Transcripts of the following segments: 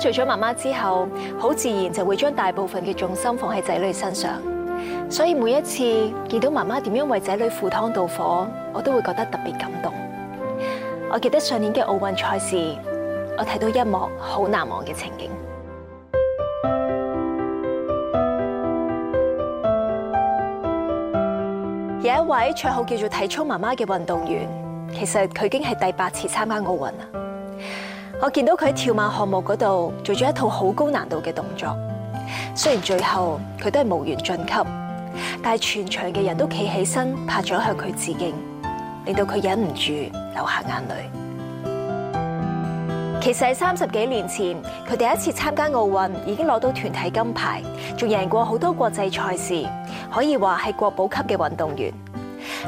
做咗媽媽之後，好自然就會將大部分嘅重心放喺仔女身上，所以每一次見到媽媽點樣為仔女赴湯蹈火，我都會覺得特別感動。我記得上年嘅奧運賽事，我睇到一幕好難忘嘅情景，有一位綽號叫做體操媽媽嘅運動員，其實佢已經係第八次參加奧運我見到佢喺跳馬項目嗰度做咗一套好高難度嘅動作，雖然最後佢都係無緣晉級，但係全場嘅人都企起身拍掌向佢致敬，令到佢忍唔住流下眼淚。其實三十幾年前，佢第一次參加奧運已經攞到團體金牌，仲贏過好多國際賽事，可以話係國寶級嘅運動員。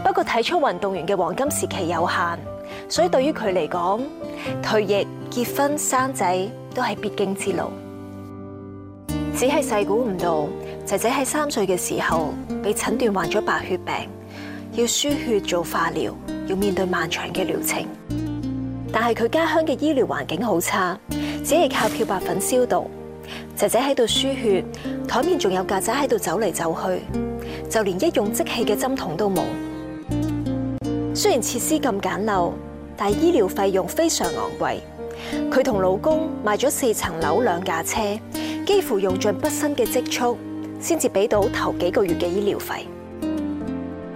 不過體操運動員嘅黃金時期有限。所以對於佢嚟講，退役、結婚、生仔都係必經之路。只係細估唔到，仔仔喺三歲嘅時候被診斷患咗白血病，要輸血做化療，要面對漫長嘅療程。但係佢家鄉嘅醫療環境好差，只係靠漂白粉消毒。仔仔喺度輸血，檯面仲有曱甴喺度走嚟走去，就連一用即棄嘅針筒都冇。雖然設施咁簡陋。但係醫療費用非常昂貴，佢同老公賣咗四層樓兩架車，幾乎用盡畢生嘅積蓄，先至俾到頭幾個月嘅醫療費。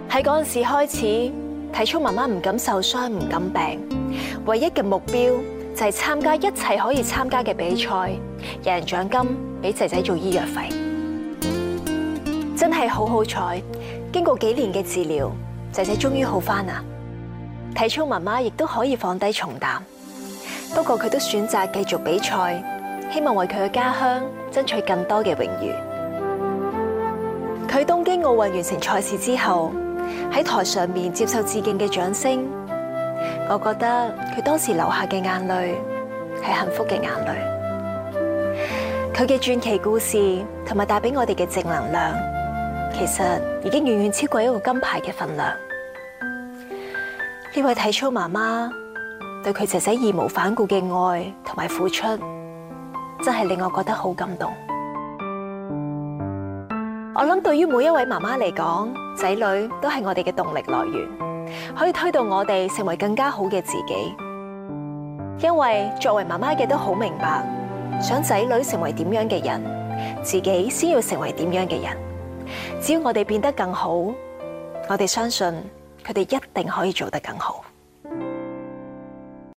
喺嗰陣時開始，體操媽媽唔敢受傷，唔敢病，唯一嘅目標就係參加一切可以參加嘅比賽，贏人獎金，俾仔仔做醫藥費。真係好好彩，經過幾年嘅治療，仔仔終於好翻啦。體操媽媽亦都可以放低重擔，不過佢都選擇繼續比賽，希望為佢嘅家鄉爭取更多嘅榮譽。佢東京奧運完成賽事之後，喺台上面接受致敬嘅掌聲，我覺得佢當時流下嘅眼淚係幸福嘅眼淚。佢嘅傳奇故事同埋帶俾我哋嘅正能量，其實已經遠遠超過一個金牌嘅份量。呢位體操媽媽對佢仔仔義無反顧嘅愛同埋付出，真係令我覺得好感動。我諗，對於每一位媽媽嚟講，仔女都係我哋嘅動力來源，可以推動我哋成為更加好嘅自己。因為作為媽媽嘅都好明白，想仔女成為點樣嘅人，自己先要成為點樣嘅人。只要我哋變得更好，我哋相信。他哋一定可以做得更好。